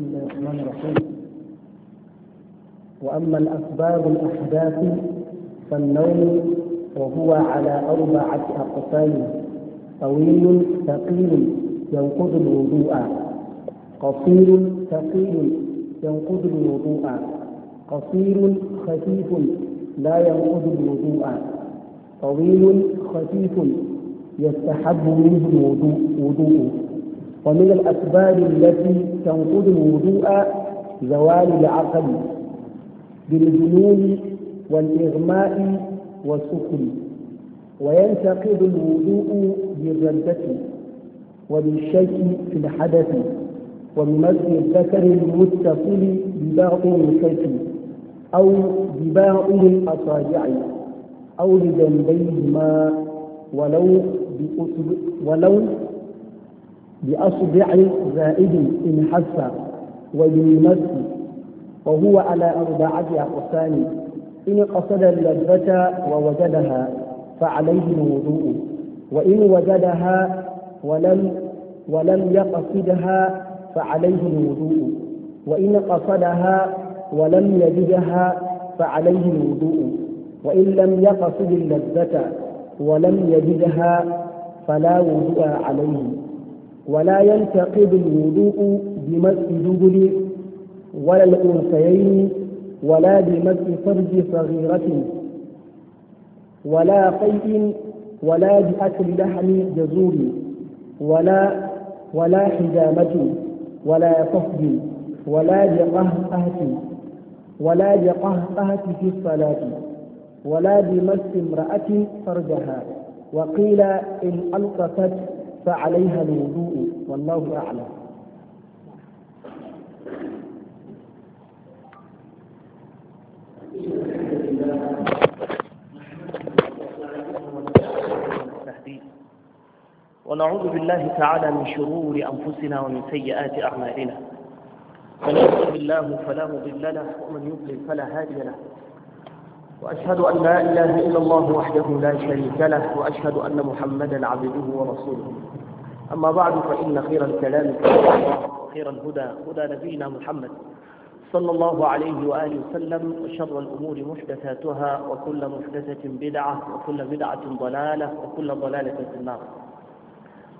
بسم الله الرحمن الرحيم وأما الأسباب الأحداث فالنوم وهو على أربعة أقسام طويل ثقيل ينقض الوضوء قصير ثقيل ينقض الوضوء قصير خفيف لا ينقض الوضوء طويل خفيف يستحب منه الوضوء ومن الأسباب التي تنقض الوضوء زوال العقل بالجنون والإغماء والسكر وينتقض الوضوء بالردة وبالشك في الحدث وبمس الذكر المتصل ببعض الكتف أو ببعض الأصابع أو بجنبيهما ولو بأسلوب ولو بأصبع زائد إن حس وبالمس وهو على أربعة أقسام إن قصد اللذة ووجدها فعليه الوضوء وإن وجدها ولم ولم يقصدها فعليه الوضوء وإن قصدها ولم يجدها فعليه الوضوء وإن لم يقصد اللذة ولم يجدها فلا وضوء عليه ولا ينتقد الوضوء بمسح دبل ولا الأنثيين ولا بمسح فرج صغيرة ولا قيء ولا بأكل لحم جزور ولا ولا حجامة ولا صفد ولا بقهقهة ولا بقهقهة في الصلاة ولا بمس امرأة فرجها وقيل إن ألقفت فعليها الوضوء والله أعلم ونعوذ بالله تعالى من شرور أنفسنا ومن سيئات أعمالنا من يهده الله فلا مضل له ومن يضلل فلا هادي له وأشهد أن لا إله إلا الله وحده لا شريك له وأشهد أن محمدا عبده ورسوله أما بعد فإن خير الكلام خير الهدى هدى نبينا محمد صلى الله عليه وآله وسلم وشر الأمور محدثاتها وكل محدثة بدعة وكل بدعة ضلالة وكل ضلالة في النار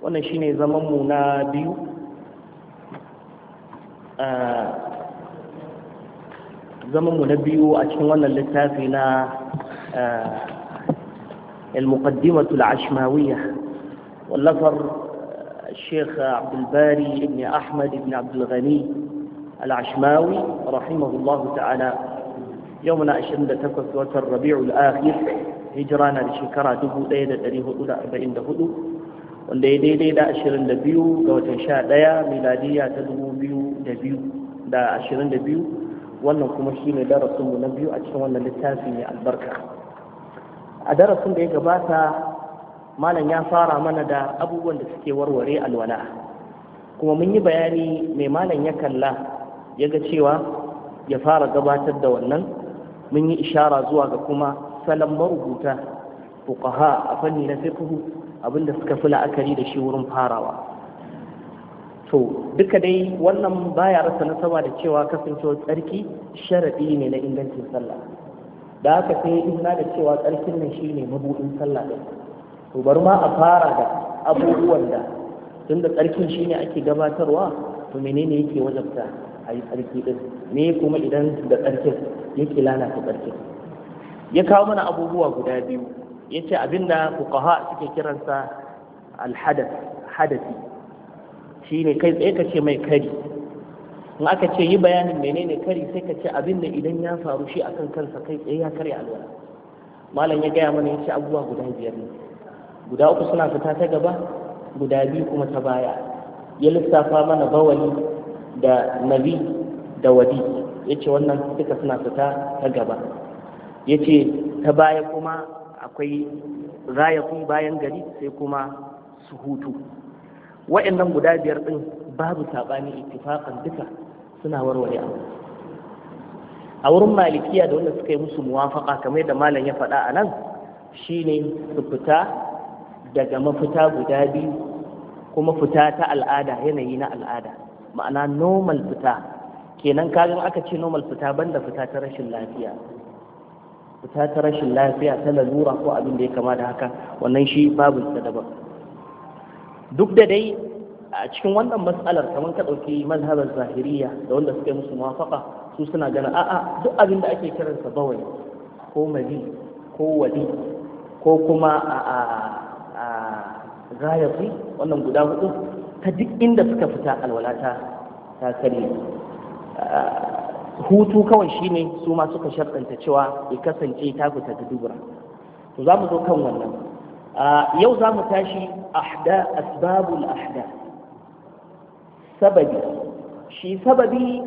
ونشين زممنا بيو آه، zaman mu na biyu المقدمة العشماوية واللفر الشيخ عبد الباري بن أحمد بن عبد الغني العشماوي رحمه الله تعالى يومنا أشند تكس وتر ربيع الآخر هجرانا لشكرا دبو ليلة دريه أولى أربعين دهدو والليلة ليلة أشرين دبيو قوة شاء ليا ميلادية تدبو بيو دبيو دا أشرين دبيو wannan kuma shine darasinmu na biyu a cikin wannan littafi mai albarka a darasin da ya gabata malam ya fara mana da abubuwan da suke warware alwala kuma mun yi bayani mai malam ya kalla ya ga cewa ya fara gabatar da wannan mun yi ishara zuwa ga kuma salon marubuta fuqaha a fanni na fiqh abinda suka fi la'akari da shi wurin farawa to duka dai wannan baya rasa nasaba da cewa kasancewar tsarki sharaɗi ne na ingancin sallah da aka sai ina da cewa tsarkin nan shi ne mabuɗin sallah ɗin to bari ma a fara da abubuwan da da tsarkin shine ake gabatarwa to menene yake wajabta a yi tsarki ɗin me kuma idan da tsarkin yake lalata tsarkin ya kawo mana abubuwa guda biyu ya ce abinda fuqaha suke kiransa alhadath hadasi Shi ne kai tsaye ka ce mai kari in aka ce yi bayanin menene kari sai ka ce abin da idan ya faru shi akan kansa kai tsaye ya karya alwala malam ya gaya mana ya ce abubuwa guda biyar ne guda uku suna fita ta gaba guda biyu kuma ta baya ya lissafa mana bawali da nabi da wadi ya ce wannan duka suna fita ta gaba ya ce ta baya kuma akwai rayakun bayan gari sai kuma su hutu wa'annan guda biyar ɗin babu saɓani ittifaqan duka suna warware abu a wurin malikiya da wanda suka yi musu muwafaka kamar da malam ya faɗa a nan shine su fita daga mafita guda biyu kuma fita ta al'ada yanayi na al'ada ma'ana normal fita kenan kagan aka ce normal fita banda fita ta rashin lafiya fita ta rashin lafiya ta lalura ko abin da ya kama da haka wannan shi da daban duk da dai a cikin wannan matsalar kamar ka ɗauki mazhabar zahiriya da wanda suka yi musu mafaka su suna gana a'a duk abin da ake kiransa bawai ko mali ko wali ko kuma a gayafi wannan guda hudu ta duk inda suka fita alwalata ta karye hutu kawai shine su ma suka sharɗanta cewa ya kasance ta fita ta dubura to za mu zo kan wannan yau za mu tashi ahda asbabul ahda sababi shi sababi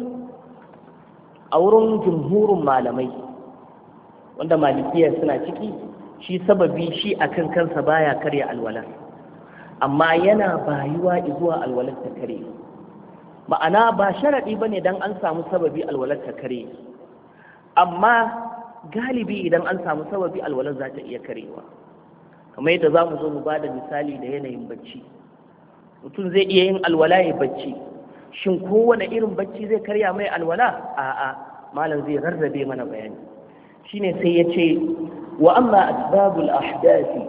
a wurin jumhurin malamai wanda malikiya suna ciki shi sababi shi a kan kansa baya karya alwalar amma yana bayuwa zuwa alwalar ta kare ma'ana ba sharaɗi ba ne don an samu sababi alwalar ta kare amma galibi idan an samu sababi alwalar za ta iya karewa kamar yadda za mu zo mu bada misali da yanayin bacci mutum zai iya yin alwala ya bacci shin kowane irin bacci zai karya mai alwala a'a malam zai rarrabe mana bayani shine sai ya ce wa amma asbabul ahdasi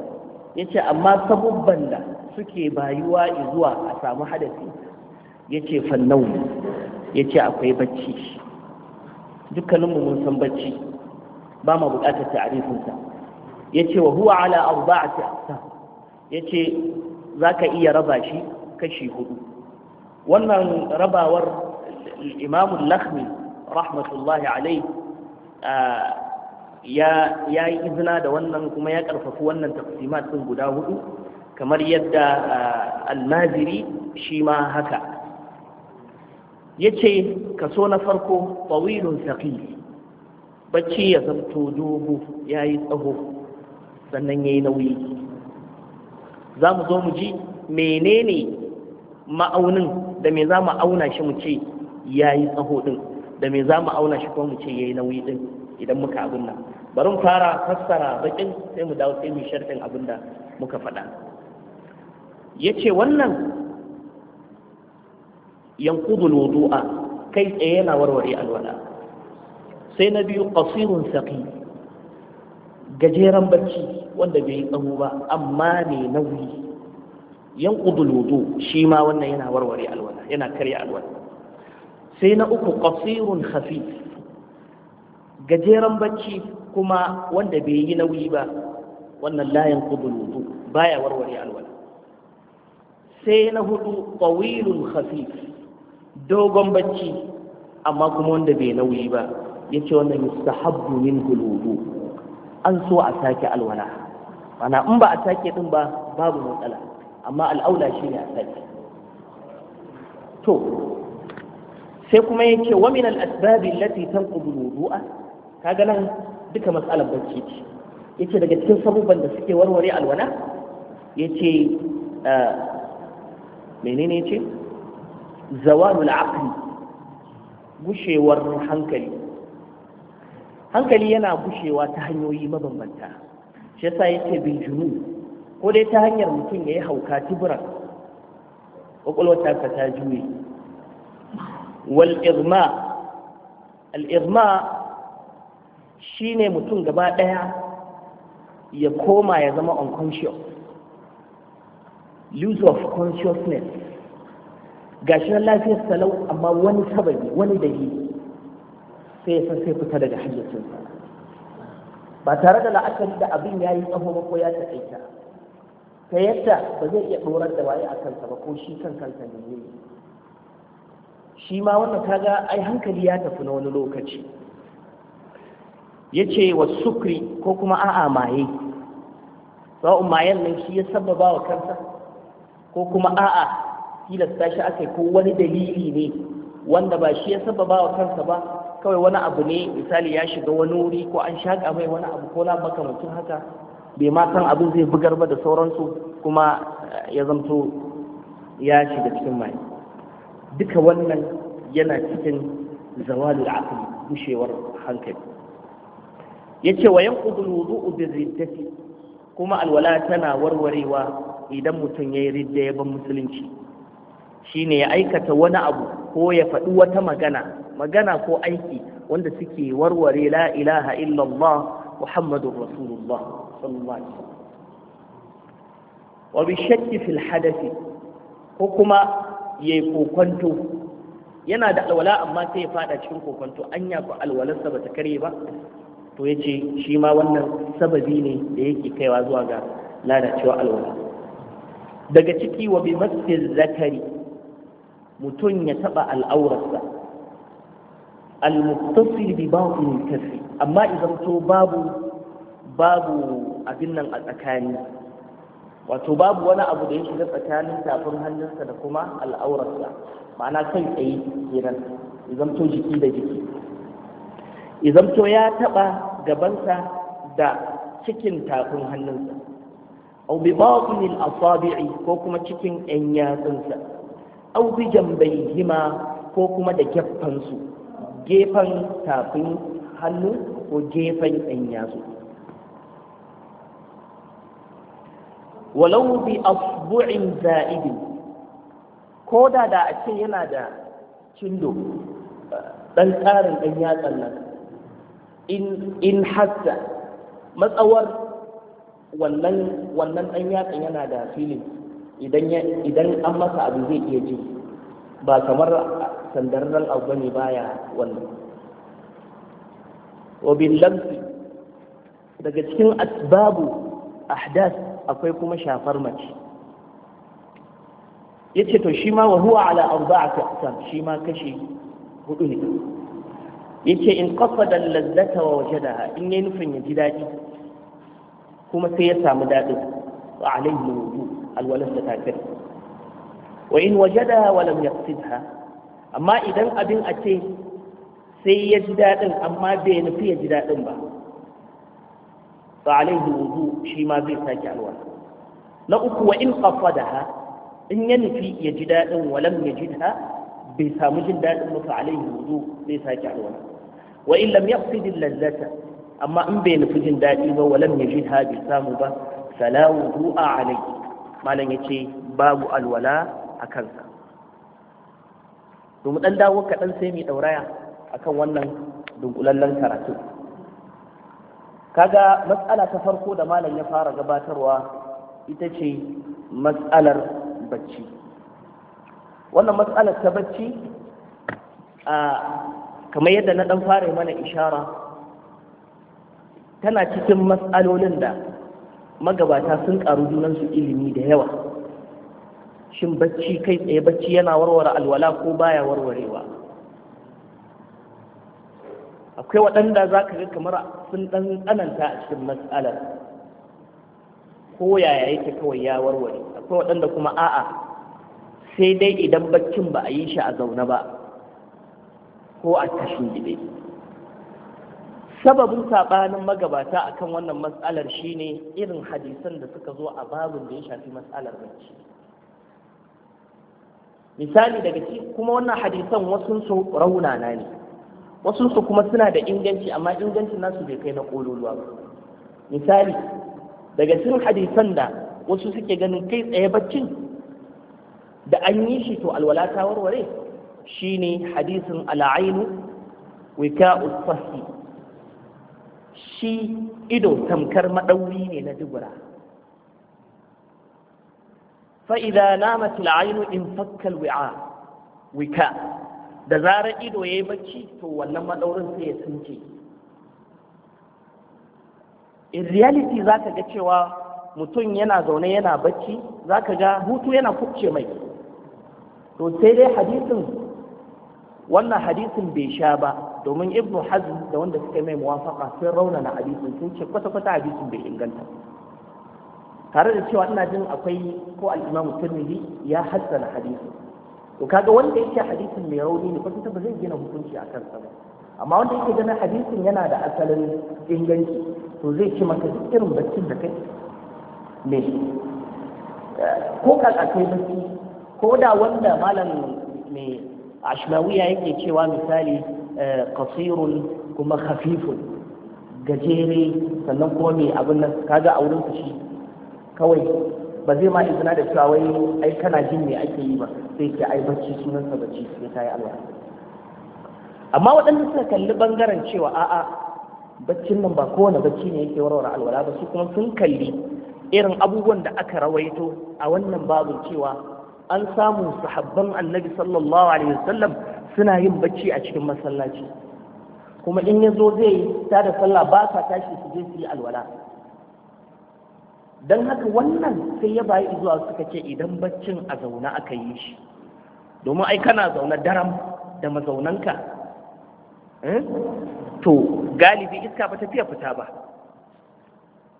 ya ce amma sabubban da suke bayuwa zuwa a samu hadasi ya ce fannau ya ce akwai bacci dukkaninmu mun san bacci ba ma buƙatar ta'arifinsa yace wa huwa ala arba'ati aqsam yace zaka iya raba shi kashi hudu wannan rabawar imamun lakmi rahmatullahi alai ya yi izina da wannan kuma ya karfafi wannan taqsimat ɗin guda hudu kamar yadda al shi ma haka yace kaso na farko tawilun saqil bacci ya tsafto dogo yayi tsaho sannan ya yi nauyi za mu zo mu ji menene ma'aunin da me za mu auna shi mu ce ya yi tsaho ɗin da me za mu auna shi kuma mu ce ya yi nauyi ɗin idan muka abin nan bari mu fara fassara baƙin sai mu dawo sai mu sharɗin abin da muka faɗa ya ce wannan yankudul wudu'a kai tsaye yana warware alwala sai na biyu ƙasirun saƙi gajeren bacci wanda bai yi tsawo ba amma ne nauyi yan wudu shi ma wannan yana warware alwala yana karya alwala sai na uku qasirun hafi gajeren bacci kuma wanda bai yi nauyi ba wannan layin qudul wudu baya warware alwala sai na hudu ƙawilun hafi dogon bacci amma kuma wanda bai nauyi ba yace wannan mustahabbu min wudu an so a sake alwala mana in ba a sake din ba babu matsala amma al'aula shi ne a sake to sai kuma yake wa min al-asbabi allati tanqudu al-wudu'a kaga nan duka matsalar bacci ce yace daga cikin sabubban da suke warware alwala yace ah, menene yace zawalul aqli gushewar hankali hankali yana gushewa ta hanyoyi mabambanta shi yasa yake bin junun ko dai ta hanyar mutum yayi hauka tibran kwakwalwar ta ta juye wal irma al irma shine mutum gaba ɗaya, ya koma ya zama unconscious lose of consciousness gashi na lafiyar salau amma wani sababi wani dalili sai ya san sai fita daga hayyacinsa ba tare da la'akari da abin ya yi tsaho ba ko ya taƙaita ta yadda ba zai iya ɗorar da waye a kansa ba ko shi kan kansa ne ne shi ma wannan kaga ai hankali ya tafi na wani lokaci ya ce wa sukri ko kuma a'a maye sa'un mayan nan shi ya sababa wa kansa ko kuma a'a tilasta shi aka yi ko wani dalili ne wanda ba shi ya sababa wa kansa ba kawai wani abu ne misali ya shiga wani wuri ko an shaƙa mai wani abu ko na makamancin haka bai ma san abin zai bugar ba da sauransu kuma eh, ya zamto ya shiga cikin mai duka wannan yana cikin zawali aqli gushewar hankali yace wa yanqudu alwudu'u birriddati kuma alwala tana warwarewa idan mutum yayi ridda ya ban musulunci shine ya aikata wani abu ko ya faɗi wata magana magana ko aiki wanda suke warware la ilaha illallah muhammadun rasulullah wa bi shakki fil ko kuma yayi kokonto yana da alwala amma sai ya fada cikin kokonto anya ko alwalarsa bata kare ba to yace shi ma wannan sababi ne da yake kaiwa zuwa ga lalacewa alwala daga ciki wa bi masjid zakari mutum ya taba al'aurarsa al-muttasil bi batin amma idan to babu babu abin nan a tsakani wato babu wani abu da ya shiga tsakanin tafin hannunsa da kuma al'aurarsa ma'ana kai tsaye kenan idan to jiki da jiki idan to ya taɓa gabansa da cikin tafin hannunsa au bi batinil asabi'i ko kuma cikin yan yatsunsa au bi jambayhima ko kuma da geffansu gefen tafin hannu ko gefen ɗan yatsu walau bi asbu'in za'idin ko da da a ce yana da cindo ɗan tsarin ɗan yatsan nan in hatta matsawar wannan wannan ɗan yatsan yana da filin idan an masa abu zai iya ji ba kamar sandarral abu ne baya wannan wa bil lamsi daga cikin asbabu ahdas akwai kuma shafar mace Ya ce to shi ma wa huwa ala a aqsam shi ma kashi hudu ne Ya ce in qasada al-lazzata wa wajadaha in yayi nufin ya ji daɗi? kuma sai ya samu dadin wa alayhi wudu alwalas ta kafir wa in wajadaha wa lam yaqsidha amma idan abin a ce sai ya ji daɗin amma bai nufi ya ji daɗin ba ba alaihi wuzu shi ma zai sake alwa. na uku wa in da ha in ya nufi ya ji daɗin walam ya ji ta bai samu jin daɗin ba fa alaihi wuzu zai sake alwa. wa in lam yaqsid al-lazzata amma in bai nufi jin daɗi ba walam ya ji ta bai samu ba fala wudu'a alaihi malam yace babu alwala a kansa to mu dan dawo kaɗan sai mu ɗauraya akan wannan dunkulallen karatu kaga matsala ta farko da malam ya fara gabatarwa ita ce matsalar bacci wannan matsalar ta bacci a kamar yadda na dan fara mana ishara tana cikin matsalolin da magabata sun ƙaru junansu ilimi da yawa shin bacci kai tsaye bacci yana warware alwala ko baya warwarewa akwai waɗanda za ka ga kamar sun ɗan tsananta a cikin matsalar ko yaya yake kawai ya warware akwai waɗanda kuma a'a sai dai idan baccin ba a yi shi a zaune ba ko a tashin gide sababin saɓanin magabata akan wannan matsalar shine irin hadisan da suka zo a babin da ya shafi matsalar bacci misali daga cikin kuma wannan hadisan wasu su raunana ne wasu su kuma suna da inganci amma ingancin nasu bai kai na kololuwa ba misali daga cikin hadisan da wasu suke ganin kai tsaye baccin da an yi shi to alwala ta warware shine hadisin al'ainu wika'u sahi shi ido tamkar madauri ne na dubura فإذا نامت العين انفك الوعاء wika, da zarar ido ya yi bacci to wannan maɗaurin sai ya tsinke in reality za ka ga cewa mutum yana zaune yana bacci za ka ga hutu yana kubce mai to sai dai hadisin wannan hadisin bai sha ba domin ibnu hazm da wanda suka mai muwafaka sun raunana hadisin sun ce kwata-kwata hadisin bai inganta tare da cewa ina jin akwai ko al-imamu ya hassana hadisi to kaga wanda yake hadisin mai rauni ne kwata ba zai gina hukunci a kan ba amma wanda yake ganin hadisin yana da asalin inganci to zai ci maka duk irin baccin da kai ne ko ka akwai bacci ko da wanda malam mai ashmawiya yake cewa misali kasirun eh, kuma khafifun gajere sannan kuma mai abin nan kaga a wurin shi kawai ba zai ma izina da cewa wai ai kana jin me ake yi ba sai ke ai bacci sunansa bacci sai ta yi alwala amma waɗanda suka kalli bangaren cewa a'a baccin nan ba kowane bacci ne yake warware alwala ba su kuma sun kalli irin abubuwan da aka rawaito a wannan babin cewa an samu sahabban annabi sallallahu alaihi wasallam suna yin bacci a cikin masallaci kuma in ya zo zai ta da sallah ba sa tashi su je su yi alwala don haka wannan sai ya bayi zuwa suka ce idan baccin a zaune aka yi shi domin ai kana zaune daram da mazaunanka eh? to galibi iska ba tafiya fita ba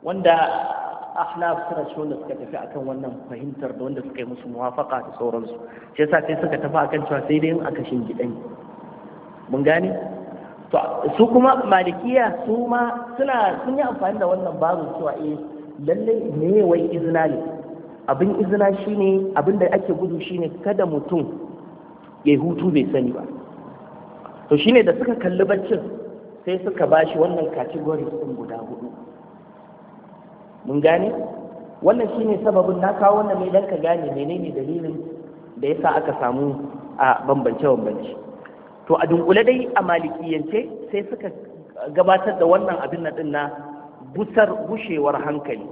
wanda ahlaf suna shi wanda suka tafi akan wannan fahimtar da wanda suka yi musu muwafaka da sauransu shi yasa sai suka tafi akan cewa sai dai aka gidan mun gane su kuma malikiya su ma suna sun yi amfani da wannan babu cewa eh lallai me wai izina ne abin izina shine abin da ake gudu shine kada mutum ya hutu bai sani ba to shine da suka kalli baccin sai suka ba shi wannan kategori din guda hudu mun gane wannan shine sababin na kawo wannan mai ka gane menene dalilin da yasa aka samu a bambance bambance to a dunkule dai a malikiyance sai suka gabatar da wannan abin na din na Butar gushewar hankali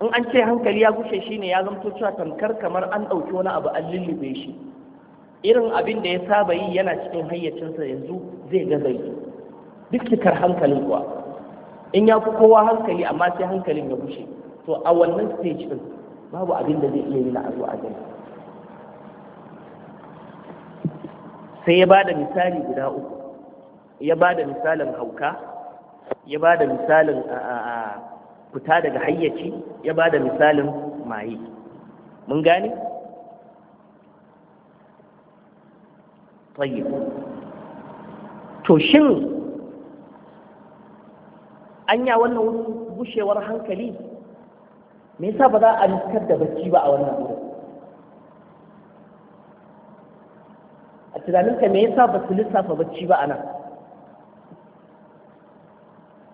in an ce hankali ya gushe shine ya zamto cewa tamkar kamar an ɗauki wani abu an lullube shi irin abin da ya saba yi yana cikin hayyacinsa yanzu zai gaza yi duk cikar hankalin kuwa in ya fi kowa hankali amma sai hankalin ya gushe to a wannan stage din babu abin da zai iya yi na azu a gani sai ya ba da misali guda uku ya ba da misalin hauka ya ba da misalin fita daga hayyaci ya ba da misalin maye mun gane tsaye to shin anya wannan bushewar hankali me yasa ba za a nuskar da bacci ba a wannan wurin a tunaninka me yasa ba su lissafa bacci ba a nan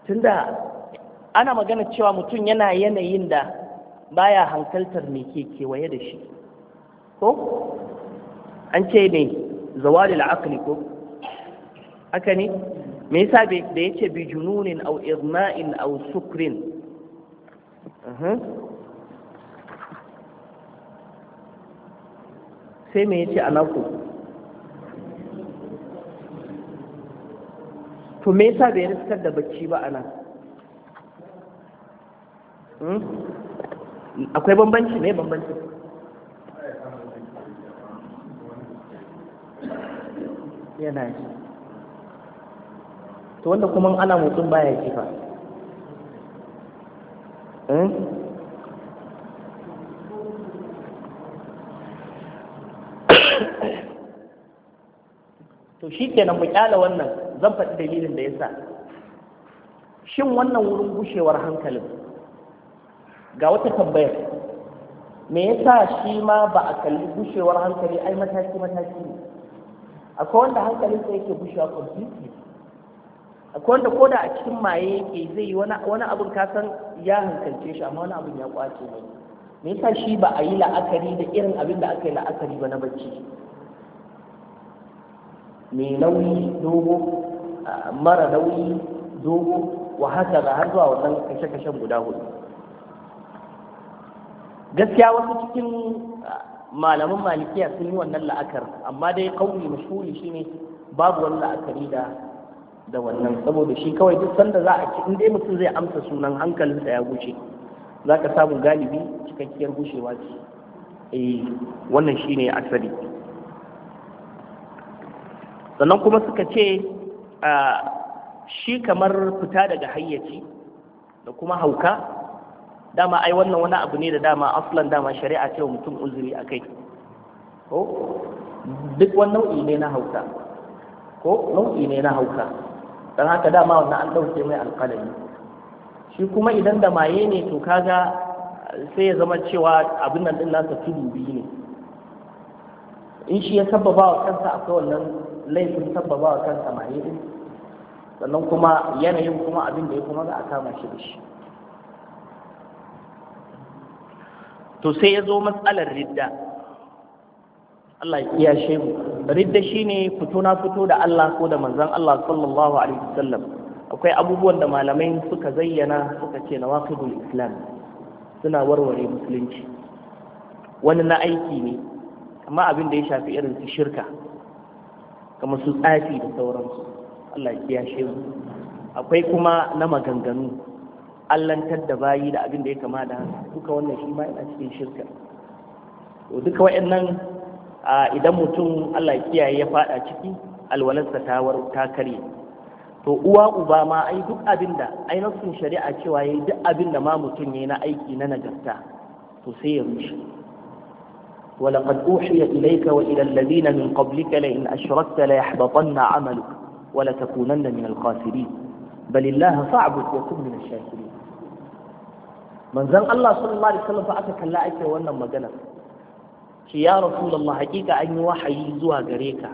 tunda ana magana cewa mutum yana yanayin da baya hankaltar me ke kewaye da shi ko an ce ne zawalil aqli ko haka ne me yasa da yace bi jununin aw irma'in aw sukrin sai me yace anaku to me yasa bai riskar da bacci ba a nan hmm? akwai bambanci ne bambanci yana yi to wanda kuma ana mutum baya kifa hmm? to shi kenan mu kyala wannan zan faɗi dalilin da ya sa shin wannan wurin gushewar hankalin ga wata tambayar me yasa shi ma ba a kalli gushewar hankali ai mataki mataki ne akwai wanda hankalin sa yake gushewa completely akwai wanda ko da a cikin maye yake zai yi wani abin kasan ya hankalce shi amma wani abin ya kwace mai me yasa shi ba a yi la'akari da irin abin da aka yi la'akari ba na bacci mai nauyi dogo mara nauyi dogo wa haka har zuwa wannan kashe-kashen guda hudu gaskiya wasu cikin ah, malaman malikiya sun yi wannan la'akar amma dai kauli shi ne babu wani la'akari da da wannan saboda shi kawai duk sanda za a ci in dai mutum zai amsa sunan hankalin da ya guce za ka samu galibi cikakkiyar gushewa ce eh wannan ne asali sannan kuma suka ce shi kamar fita daga hayyaci da kuma hauka dama ai wannan wani abu ne da dama aslan dama shari'a ce wa mutum uzuri a kai ko duk wani nau'i ne na hauka ko nau'i ne na hauka don haka dama wannan an ɗauke mai alƙalami shi kuma idan da maye ne to kaga sai ya zama cewa abin nan din nasa tudu biyu ne in shi ya sababa wa kansa akwai wannan laifin sabbaba wa kan samari din sannan kuma yanayin kuma abin da ya kuma za a kama shi da shi to sai ya zo matsalar ridda Allah ya kiyashe mu ridda shine fito na fito da Allah ko da manzon Allah sallallahu alaihi wasallam akwai abubuwan da malamai suka zayyana suka ce na waqidul islam suna warware musulunci wani na aiki ne amma abin da ya shafi irin su shirka kamar su tsafi da sauransu Allah ya kiyashe mu akwai kuma na maganganu allantar da bayi da abin da ya kama da duka wannan shi ma yana cikin shirka to duka wayannan idan mutum Allah ya kiyaye ya fada ciki alwalarsa ta war ta kare to uwa uba ma ai duk abin da ai shari'a cewa yayi duk abin da ma mutum yayi na aiki na nagarta to sai ya rushe ولقد أوحي إليك وإلى الذين من قبلك لئن أشركت ليحبطن عملك ولتكونن من الخاسرين بل الله فاعبد وكن من الشاكرين من زن الله صلى الله عليه وسلم فأتك لا أيك وأنا مجنة يا رسول الله حقيقة أن يوحي زوا غريكا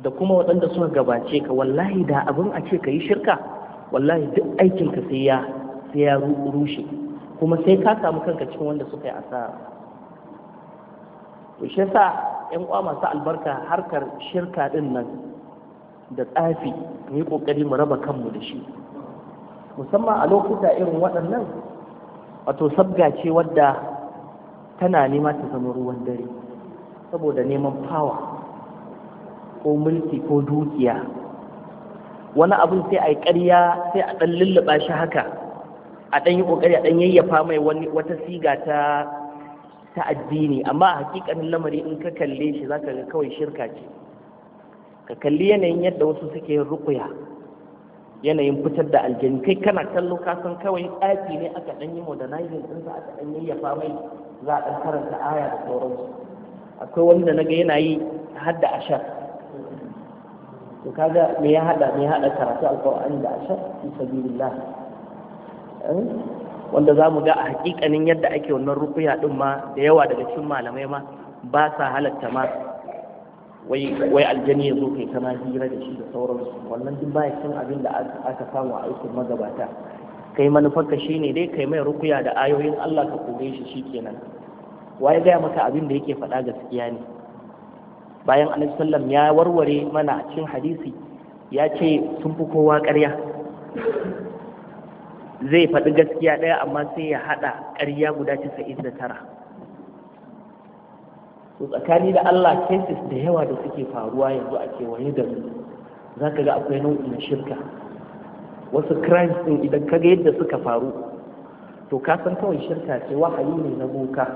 da kuma waɗanda suka gabace ka wallahi da abin a ce ka yi shirka wallahi duk aikinka sai ya rushe kuma sai ka samu kanka cikin wanda suka yi asara to shi yasa yan uwa masu albarka harkar shirka din nan da tsafi mu yi kokari mu raba kanmu da shi musamman a lokuta irin waɗannan wato sabga ce wadda tana nema ta zama ruwan dare saboda neman fawa ko mulki ko dukiya wani abin sai a yi ƙarya sai a ɗan lulluɓa shi haka a ɗan yi ƙoƙari a ɗan yayyafa mai wata siga ta ta addini amma a hakikanin lamari in ka kalle shi za ka ga kawai shirka ce ka kalli yanayin yadda wasu suke yin rukuya yanayin fitar da aljani kai kana kallo ka kawai ɗaki ne aka ɗan yi modernizing ɗin sa aka ɗan yayyafa mai za a ɗan karanta aya da sauransu akwai wanda naga yana yi har da ashar to kaga me ya hada me ya hada karatu alqur'ani da ashar fi sabilillah eh? wanda za mu ga a hakikanin yadda ake wannan rukuya ɗin ma da yawa daga cikin malamai ma ba sa halatta ma wai aljani ya zo kai kana hira da shi da sauransu wannan duk baya cin abin da aka samu a aikin magabata kai ka shine dai kai mai rukuya da ayoyin Allah ka kore shi shikenan waye gaya maka abin da yake faɗa gaskiya ne bayan annabi sallam ya warware mana cikin hadisi ya ce sun fi kowa ƙarya zai faɗi gaskiya ɗaya amma sai ya haɗa ƙarya guda sa'in da tara to tsakani da Allah cases da yawa da suke faruwa yanzu a kewaye da za ka ga akwai nau'in shirka wasu crimes ɗin idan ka ga yadda suka faru to ka san kawai shirka ce wahayi ne na boka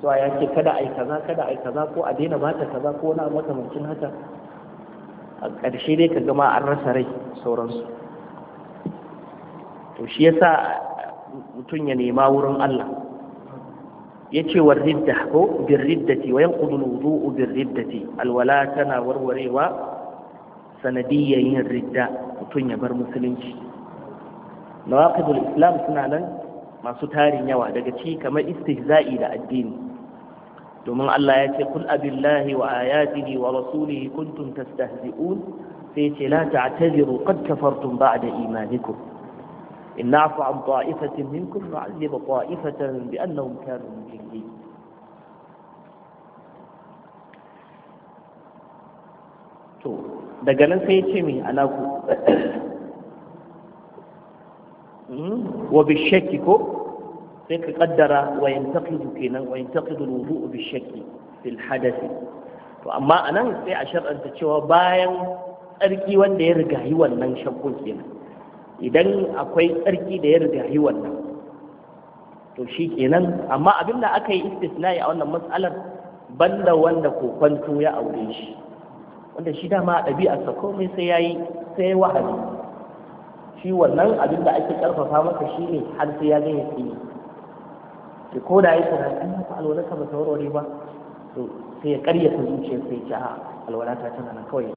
to a yake kada ai kaza kada ai kaza ko a daina bata kaza ko wani makamancin haka a ƙarshe dai ka gama an rasa rai sauransu to shi yasa mutum ya nema wurin Allah yace war ridda ko bir riddati wa yanqudu alwudu'u bir riddati alwala tana warwarewa sanadiyyar yin ridda mutum ya bar musulunci nawaqidul islam suna nan masu tarin yawa daga ci kamar istihza'i da addini domin Allah ya ce kul abillahi wa ayatihi wa rasulihi kuntum tastahzi'un sai ce la ta'tadiru qad kafartum ba'da imanikum إن نعف عن طائفة منكم نعذب طائفة بأنهم كانوا مجرمين to daga nan sai ya ce mai alaku wa bishaki ko sai ka kaddara wa yantaqidu kenan wa yantaqidu alwudu bishaki fil hadath to amma anan sai a shar'anta cewa bayan tsarki wanda ya rigayi wannan shakkun kenan idan akwai tsarki da ya yi wannan to shi kenan amma abin da aka yi istisna'i a wannan matsalar banda wanda kokwanto ya aure shi wanda shi dama sa komai sai ya yi sai ya wahala, shi wannan abin da ake ƙarfafa masa shi ne har sai ya gaya yi, to ko da ya tsara an haka ka ba ta warware ba to sai ya ƙaryata sai ya ce a alwalata tana nan kawai